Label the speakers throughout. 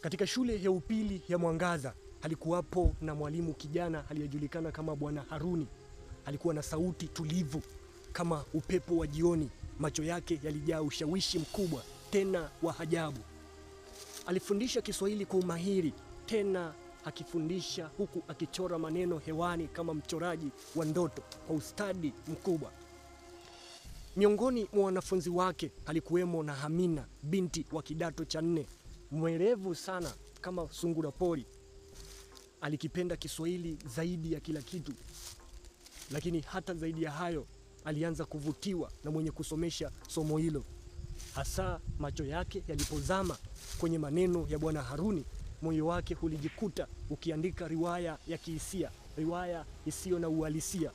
Speaker 1: Katika shule ya upili ya Mwangaza alikuwapo na mwalimu kijana aliyejulikana kama Bwana Haruni. Alikuwa na sauti tulivu kama upepo wa jioni. Macho yake yalijaa ushawishi mkubwa tena wa ajabu. Alifundisha Kiswahili kwa umahiri, tena akifundisha huku akichora maneno hewani kama mchoraji wa ndoto kwa ustadi mkubwa. Miongoni mwa wanafunzi wake alikuwemo na Hamina, binti wa kidato cha nne mwerevu sana kama sungura pori. Alikipenda Kiswahili zaidi ya kila kitu, lakini hata zaidi ya hayo, alianza kuvutiwa na mwenye kusomesha somo hilo, hasa macho yake yalipozama kwenye maneno ya Bwana Haruni. Moyo wake ulijikuta ukiandika riwaya ya kihisia, riwaya isiyo na uhalisia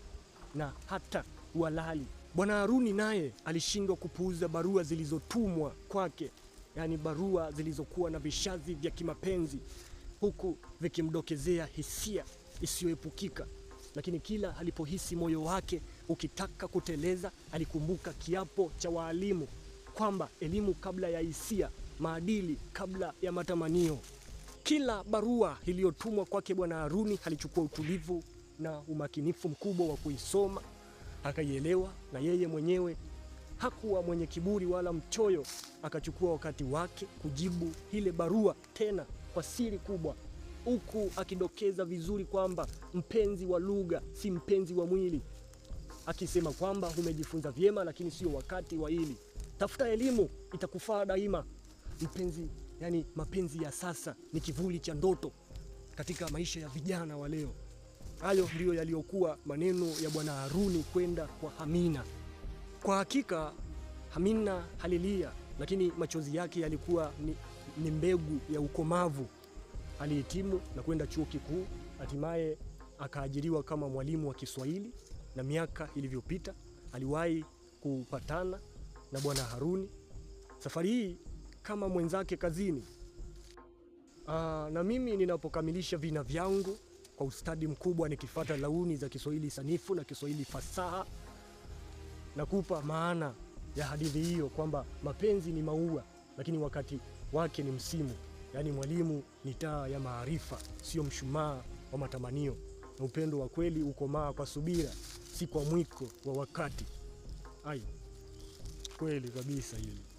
Speaker 1: na hata uhalali. Bwana Haruni naye alishindwa kupuuza barua zilizotumwa kwake yani barua zilizokuwa na vishazi vya kimapenzi, huku vikimdokezea hisia isiyoepukika. Lakini kila alipohisi moyo wake ukitaka kuteleza, alikumbuka kiapo cha waalimu kwamba elimu kabla ya hisia, maadili kabla ya matamanio. Kila barua iliyotumwa kwake Bwana Haruni alichukua utulivu na umakinifu mkubwa wa kuisoma, akaielewa na yeye mwenyewe hakuwa mwenye kiburi wala mchoyo. Akachukua wakati wake kujibu ile barua, tena kwa siri kubwa, huku akidokeza vizuri kwamba mpenzi wa lugha si mpenzi wa mwili, akisema kwamba umejifunza vyema, lakini sio wakati wa hili. Tafuta elimu, itakufaa daima. Mpenzi yani, mapenzi ya sasa ni kivuli cha ndoto katika maisha ya vijana wa leo. Hayo ndiyo yaliyokuwa maneno ya Bwana Haruni kwenda kwa Amina. Kwa hakika Hamina halilia, lakini machozi yake yalikuwa ni, ni mbegu ya ukomavu. Alihitimu na kwenda chuo kikuu, hatimaye akaajiriwa kama mwalimu wa Kiswahili, na miaka ilivyopita aliwahi kupatana na Bwana Haruni, safari hii kama mwenzake kazini. Aa, ah, na mimi ninapokamilisha vina vyangu kwa ustadi mkubwa nikifuata launi za Kiswahili sanifu na Kiswahili fasaha nakupa maana ya hadithi hiyo kwamba mapenzi ni maua, lakini wakati wake ni msimu. Yaani mwalimu ni taa ya maarifa, sio mshumaa wa matamanio, na upendo wa kweli ukomaa kwa subira, si kwa mwiko wa wakati. Ai, kweli kabisa hili.